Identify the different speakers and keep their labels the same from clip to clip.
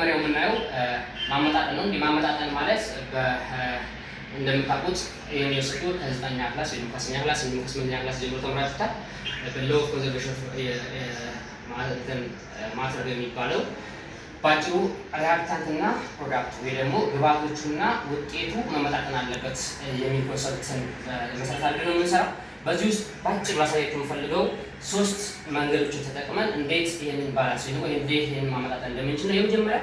Speaker 1: መሪያው የምናየው ማመጣጠን ነው። እንዲህ ማለት እንደምታውቁት የሚወስዱ ከዘጠኛ ክላስ ወይም ከስኛ ክላስ ወይም ከስምንተኛ ክላስ ጀምሮ ተምራችሁታል። በሎው ኮንዘርቬሽን ማድረግ የሚባለው ባጭሩ ሪያክታንትና ፕሮዳክቱ ወይ ደግሞ ግብአቶቹና ውጤቱ መመጣጠን አለበት የሚል ኮንሰፕትን መሰረት አድርገን ነው የምንሰራው። በዚህ ውስጥ በአጭር ማሳየት የምፈልገው ሶስት መንገዶችን ተጠቅመን እንዴት ይህንን ባላንስ ወይ ደግሞ እንዴት ይህንን ማመጣጠን እንደምንችል ነው። የመጀመሪያ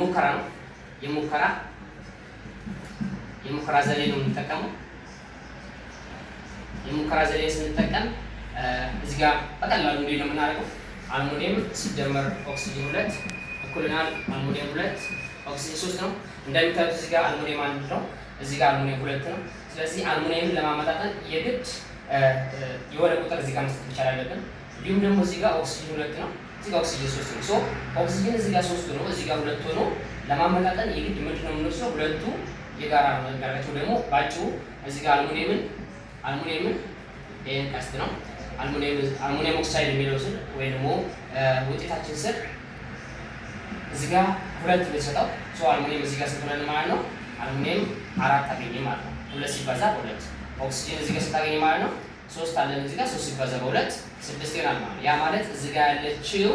Speaker 1: ሙከራ ነው። የሙከራ የሙከራ ዘዴ ነው የምንጠቀመው። የሙከራ ዘዴ ስንጠቀም እዚህ ጋር በቀላሉ እንዴ ነው የምናደርገው አልሙኒየም ሲደመር ኦክሲጅን ሁለት እኩልናል አልሙኒየም ሁለት ኦክሲጅን ሶስት ነው። እንደሚታዩት እዚህ ጋር አልሙኒየም አንድ ነው። እዚህ ጋር አልሙኒየም ሁለት ነው። ስለዚህ አልሙኒየምን ለማመጣጠን የግድ የሆነ ቁጥር እዚህ ጋር መስጠት መቻል አለብን። እንዲሁም ደግሞ እዚህ ጋር ኦክሲጅን ሁለት ነው፣ እዚህ ጋር ኦክሲጅን ሶስት ነው። ሶ ኦክሲጅን እዚህ ጋር ሶስት ሆኖ እዚህ ጋር ሁለት ሆኖ ለማመጣጠን የግድ ምንድን ነው የምንወስደው? ሁለቱ የጋራ ነው። ደግሞ ባጭሩ እዚህ ጋር አልሙኒየምን አልሙኒየምን ይህን ቀስት ነው አልሙኒየም ኦክሳይድ የሚለው ስል ወይ ደግሞ ውጤታችን ስል እዚህ ጋር ሁለት ልንሰጠው አልሙኒየም እዚህ ጋር ስንት ማለት ነው አሁንም አራት አገኘ ማለት ነው። ሁለት ሲባዛ በሁለት ኦክሲጅን እዚህ ጋር ስታገኝ ማለት ነው። ሶስት አለን እዚህ ጋር ሶስት ሲባዛ በሁለት ስድስት ይሆናል ማለት ያ ማለት እዚህ ጋር ያለችው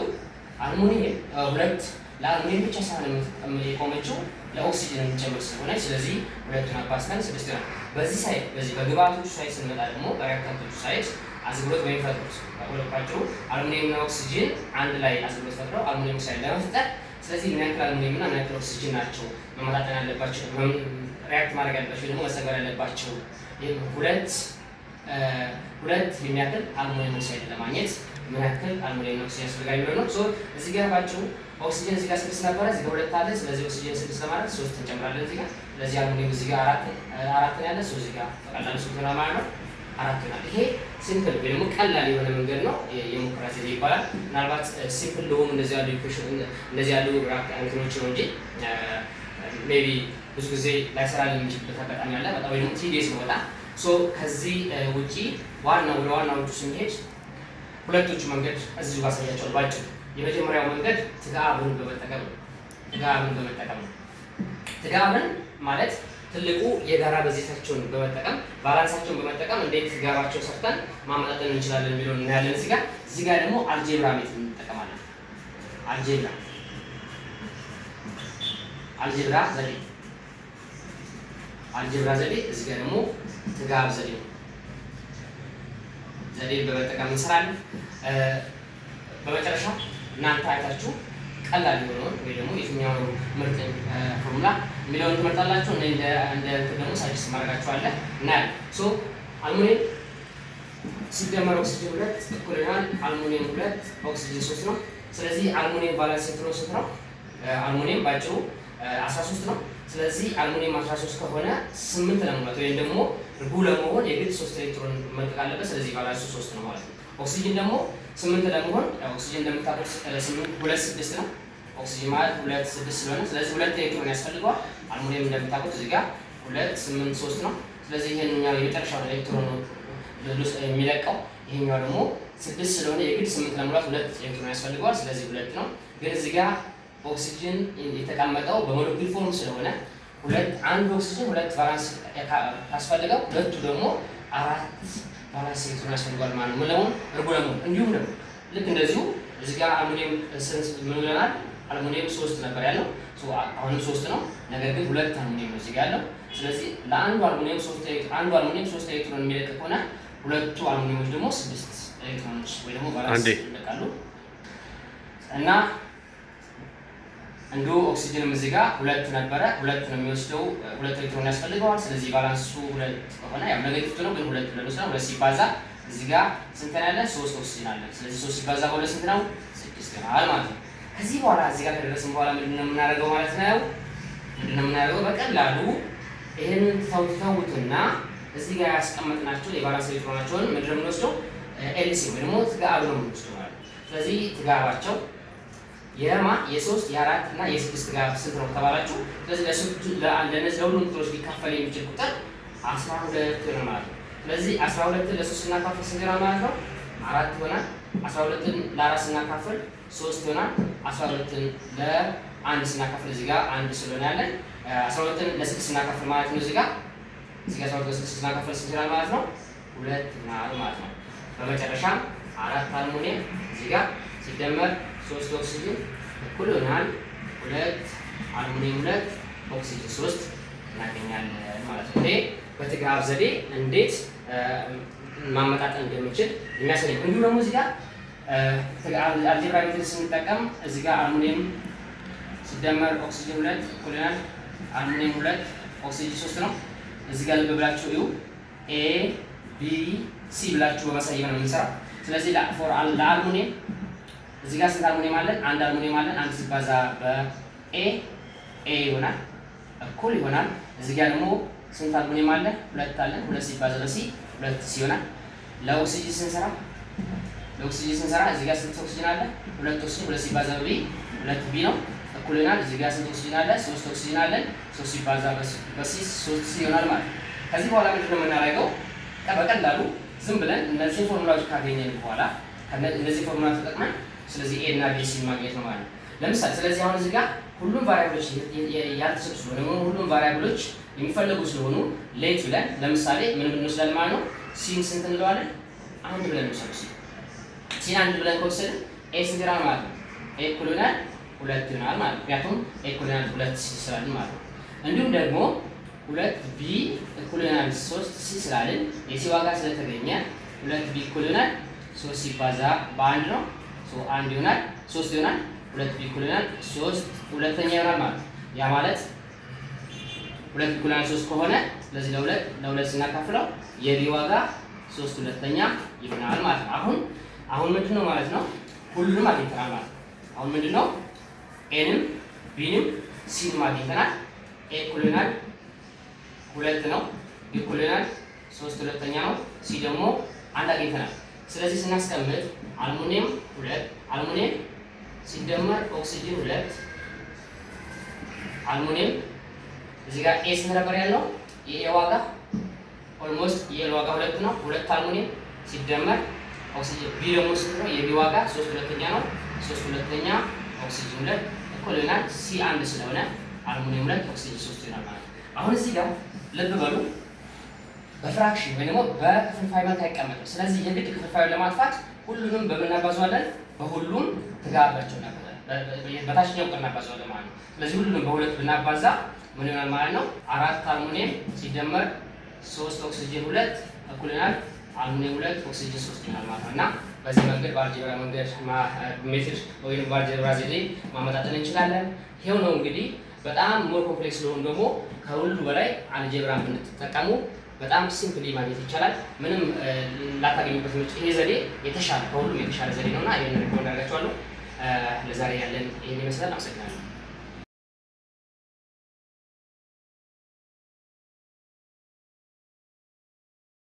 Speaker 1: አልሙኒየም ሁለት ለአልሙኒየም ብቻ ሳይሆን የቆመችው ለኦክሲጅን የምትጨምር ስለሆነ ስለዚህ ሁለቱን አባስተን ስድስት ይሆናል። በዚህ ሳይድ በዚህ በግብአቶቹ ሳይድ ስንመጣ ደግሞ በሪያክታንቶቹ ሳይድ አዝግሎት ወይም ፈጥሮች ሁለታቸው አልሙኒየምና ኦክሲጅን አንድ ላይ አዝግሎት ፈጥረው አልሙኒየም ሳይድ ለመፍጠር ስለዚህ ምን ያክል አልሙኒየም እና ምን ያክል ኦክሲጅን ናቸው መመጣጠን ያለባቸው ሪያክት ማድረግ ያለባቸው ደግሞ መሰገር ያለባቸው ሁለት ሁለት የሚያክል አልሙኒየም ኦክሳይድ ለማግኘት ምን ያክል አልሙኒየም ኦክሲጅን ያስፈልጋል የሚለው ነው። ሶ እዚህ ጋር ባጭሩ ኦክሲጅን እዚህ ጋር ስድስት ነበረ፣ እዚህ ጋር ሁለት አለ። ስለዚህ ኦክሲጅን ስድስት ለማለት ሶስት እንጨምራለን እዚህ ጋር። ስለዚህ አልሙኒየም እዚህ ጋር አራት አራት ያለ ሶ እዚህ ጋር ጠቅላላ ሶስት ነው ማለት ነው። አራት ይሆናል። ይሄ ሲምፕል ወይ ደግሞ ቀላል የሆነ መንገድ ነው የሙከራ ዘዴ ይባላል። ምናልባት ሲምፕል uh, ለሆኑ እንደዚህ ያሉ ኢኩዌሽን እንደዚህ ያሉ ግራፍ እንትኖች ነው እንጂ ሜቢ uh, ብዙ ጊዜ ላይሰራ የሚችልበት አጋጣሚ አለ። በጣም ወይ ደግሞ ቲዲየስ ነው በጣም ሶ ከዚህ uh, ውጪ ዋና ወደ ዋናዎቹ ስንሄድ ሁለቶቹ መንገድ እዚሁ ባሳያቸዋል ባጭሩ። የመጀመሪያው መንገድ ትጋብን በመጠቀም ነው። ትጋብን በመጠቀም ነው። ትጋብን ማለት ትልቁ የጋራ በዜታቸውን በመጠቀም ባላንሳቸውን በመጠቀም እንዴት ጋራቸው ሰርተን ማመጣጠን እንችላለን የሚለውን እናያለን። እዚህ ጋር እዚህ ጋር ደግሞ አልጄብራ ሜት እንጠቀማለን። አልጄብራ አልጄብራ ዘዴ አልጀብራ ዘዴ እዚህ ጋር ደግሞ ትጋብ ዘዴ ዘዴ በመጠቀም እንሰራለን። በመጨረሻ እናንተ አይታችሁ ቀላል የሆነውን ወይ ደግሞ የትኛውን ምርጥ ፎርሙላ የሚለውን ትመርጣላችሁ። እ እንደ እንትን ደግሞ ሳጅስ ማድረጋችኋለሁ እና ሶ አልሙኒየም ሲደመር ኦክሲጅን ሁለት እኩል ይሆናል አልሙኒየም ሁለት ኦክሲጅን ሶስት ነው። ስለዚህ አልሙኒየም ባላንስ ስንት ነው? ስንት ነው? አልሙኒየም ባጭሩ 13 ነው። ስለዚህ አልሙኒየም 13 ከሆነ ስምንት ለመሙላት ወይም ደግሞ ርቡ ለመሆን የግድ 3 ኤሌክትሮን መልቀቅ አለበት። ስለዚህ ባላንሱ 3 ነው ማለት ነው። ኦክሲጅን ደግሞ 8 ለመሆን ኦክሲጅን እንደምታውቁት 8 2 ነው። ኦክሲጅን ማለት ሁለት ስድስት ስለሆነ ስለዚህ ሁለት ኤሌክትሮን ያስፈልገዋል። አልሙኒየም እንደምታውቁት እዚህ ጋር ሁለት ስምንት ሶስት ነው። ስለዚህ ይህንኛው የመጨረሻው ኤሌክትሮን የሚለቀው ይሄኛው ደግሞ ስድስት ስለሆነ የግድ ስምንት ለሙላት ሁለት ኤሌክትሮን ያስፈልገዋል። ስለዚህ ሁለት ነው። ግን እዚህ ጋር ኦክሲጅን የተቀመጠው በሞለኪል ፎርም ስለሆነ ሁለት አንድ ኦክሲጅን ሁለት ቫላንስ ካስፈልገው ሁለቱ ደግሞ አራት ቫላንስ ኤሌክትሮን ያስፈልገዋል ማለት ነው። ለሙን እርጉ ለሙን እንዲሁም ደግሞ ልክ እንደዚሁ እዚህ ጋር አልሙኒየም ስንስ ምን ብለናል? አልሙኒየም ሶስት ነበር ያለው አሁንም ሶስት ነው። ነገር ግን ሁለት አልሙኒየም እዚህ ጋር ያለው። ስለዚህ ለአንዱ አልሙኒየም ሶስት አንዱ አልሙኒየም ሶስት ኤሌክትሮን የሚለቅ ከሆነ ሁለቱ አልሙኒየሞች ደግሞ ስድስት ኤሌክትሮኖች ወይ ደግሞ ባላንስ ይለቃሉ እና እንዲሁ ኦክሲጅን እዚህ ጋር ሁለት ነበረ። ሁለት ነው የሚወስደው፣ ሁለት ኤሌክትሮን ያስፈልገዋል። ስለዚህ ባላንሱ ሁለት ከሆነ ያው ኔጌቲቭ ነው፣ ግን ሁለት ብለን ወስደናል። ሁለት ሲባዛ እዚህ ጋር ስንት ነው ያለ? ሶስት ኦክሲጅን አለ። ስለዚህ ሶስት ሲባዛ ሁለት ስንት ነው? ስድስት ይሆናል ማለት ነው። ከዚህ በኋላ እዚህ ጋር ከደረስን በኋላ ምንድን ነው የምናደርገው ማለት ነው? ምንድን ነው የምናደርገው? በቀላሉ ይህንን ተውትተውትና እዚህ ጋር ያስቀመጥናቸው የባላንስ ኤሌክትሮናቸውን ምንድን ነው የምንወስደው? ኤልሲ ወይ ደግሞ ትጋብ ነው የምንወስደው ማለት ነው። ስለዚህ ትጋባቸው የማ የሶስት የአራት እና የስድስት ጋር ስንት ነው ተባላችሁ? ስለዚህ ለእነዚህ ለሁሉም ቁጥሮች ሊካፈል የሚችል ቁጥር አስራ ሁለት ነው ማለት ነው። ስለዚህ አስራ ሁለትን ለሶስት ስናካፍል ስንት ይሆናል ማለት ነው? አራት ይሆናል። አስራ ሁለትን ለአራት ስናካፍል ሶስት ይሆናል። አስራ ሁለትን ለአንድ ስናካፍል እዚህ ጋር አንድ ስለሆነ ያለን አስራ ሁለትን ለስድስት ስናካፍል ማለት ነው እዚህ ጋር እዚህ ጋር አስራ ሁለት ለስድስት ስናካፍል ማለት ነው ሁለት ናል ማለት ነው። በመጨረሻ አራት አልሙኒየም እዚህ ጋር ሲደመር ሶስት ኦክሲጅን እኩል ይሆናል ሁለት አልሙኒየም ሁለት ኦክሲጅን ሶስት እናገኛለን ማለት ነው። ይሄ በጥጋብ ዘዴ እንዴት ማመጣጠን እንደምንችል የሚያሳይ እንዲሁም ደግሞ እዚህ ጋር አልጀብራ ስንጠቀም እዚህ ጋር አልሙኒየም ሲደመር ኦክሲጅን ሁለት ኩልናል አልሙኒየም ሁለት ኦክሲጅን ሶስት ነው። እዚህ ጋር ልብ ብላችሁ እዩ። ኤ ቢ ሲ ብላችሁ በማሳየው ነው የምንሰራው። ስለዚህ ለአልሙኒየም እዚህ ጋር ስንት አልሙኒየም አለን? አንድ አልሙኒየም አለን። አንድ ሲባዛ በኤ ኤ ይሆናል እኩል ይሆናል። እዚህ ጋር ደግሞ ስንት አልሙኒየም አለን? ሁለት አለን። ሁለት ሲባዛ በሲ ሁለት ሲ ይሆናል። ለኦክሲጅን ስንሰራ ኦክሲጅን ስንሰራ እዚህ ጋር ስንት ኦክሲጅን አለ? ሁለት ኦክሲጅን ሁለት ሲባዛ በቢ ሁለት ቢ ነው እኩልናል። እዚህ ጋር ስንት ኦክሲጅን አለ? ሶስት ኦክሲጅን አለ። ሶስት ሲባዛ በሲ ሶስት ይሆናል ማለት ነው። ከዚህ በኋላ ምንድን ነው የምናደርገው? በቀላሉ ዝም ብለን እነዚህ ፎርሙላዎች ካገኘን በኋላ እነዚህ ፎርሙላ ተጠቅመን ስለዚህ ኤ እና ቢ ሲን ማግኘት ነው ማለት ነው። ለምሳሌ ስለዚህ አሁን እዚህ ጋር ሁሉም ቫሪያብሎች ያልተሰጡ ስለሆነ ወይም ሁሉም ቫሪያብሎች የሚፈለጉ ስለሆኑ ሌት ብለን ለምሳሌ ምን ብንወስዳለን ማለት ነው ሲን ስንት እንለዋለን? አንድ ብለን ነው ይህን አንድ ብለን ከወሰድን ኤስ ግራ ማለት ነው ኤኩልናል ሁለት ይሆናል ማለት ነው። ምክንያቱም ኤኩልናል ሁለት ሲ ስላልን ማለት ነው። እንዲሁም ደግሞ ሁለት ቢ እኩልናል ሶስት ሲ ስላልን የሲ ዋጋ ስለተገኘ ሁለት ቢ እኩልናል ሶስት ሲባዛ በአንድ ነው አንድ ይሆናል ሶስት ይሆናል ሁለት ቢ እኩልናል ሶስት ሁለተኛ ይሆናል ማለት ነው። ያ ማለት ሁለት ቢ እኩልናል ሶስት ከሆነ ስለዚህ ለሁለት ለሁለት ስናካፍለው የቢ ዋጋ ሶስት ሁለተኛ ይሆናል ማለት ነው። አሁን አሁን ምንድን ነው ማለት ነው ሁሉንም አግኝተናል ማለት ነው። አሁን ምንድን ነው ኤንም ቢንም ሲንም አግኝተናል። ኤ እኩልናል ሁለት ነው። ቢ እኩልናል ሶስት ሁለተኛ ነው። ሲ ደግሞ አንድ አግኝተናል። ስለዚህ ስናስቀምጥ አልሙኒየም ሁለት አልሙኒየም ሲደመር ኦክሲጅን ሁለት አልሙኒየም እዚህ ጋር ኤ ስንት ነበር ያለው የኤ ዋጋ ኦልሞስት የኤል ዋጋ ሁለት ነው። ሁለት አልሙኒየም ሲደመር ኦክሲጅን ቢ ደግሞ ስንት ነው? የቢ ዋጋ ሶስት ሁለተኛ ነው። ሶስት ሁለተኛ ኦክሲጅን ሁለት እኩል ይሆናል ሲ አንድ ስለሆነ አልሙኒየም ሁለት ኦክሲጅን ሶስት ይሆናል ማለት ነው። አሁን እዚህ ጋር ልብ በሉ በፍራክሽን ወይ ደግሞ በክፍልፋይ መልክ አይቀመጥም። ስለዚህ የግድ ክፍልፋዩን ለማጥፋት ሁሉንም በምናባዘዋለን በሁሉም ትጋባቸው ነበር በታችኛው ቁጥር እናባዘዋለን ማለት ነው። ስለዚህ ሁሉንም በሁለት ብናባዛ ምን ይሆናል ማለት ነው? አራት አልሙኒየም ሲደመር ሶስት ኦክሲጅን ሁለት እኩል ይሆናል አሉሚኒየም ሁለት ኦክሲጅን ሶስት ይሆናል ማለት ነው እና በዚህ መንገድ በአልጀብራ መንገድ ሜትድ ወይም በአልጀብራ ዘዴ ማመጣጠን እንችላለን። ይኸው ነው እንግዲህ በጣም ሞር ኮምፕሌክስ ስለሆኑ ደግሞ ከሁሉ በላይ አልጀብራ ብንጠቀሙ በጣም ሲምፕሊ ማግኘት ይቻላል። ምንም ላታገኙበት ምጭ ይሄ ዘዴ የተሻለ ከሁሉም የተሻለ ዘዴ ነውና ይህን ሪኮመንድ አደርጋችኋለሁ። ለዛሬ ያለን ይህን ይመስላል። አመሰግናለሁ።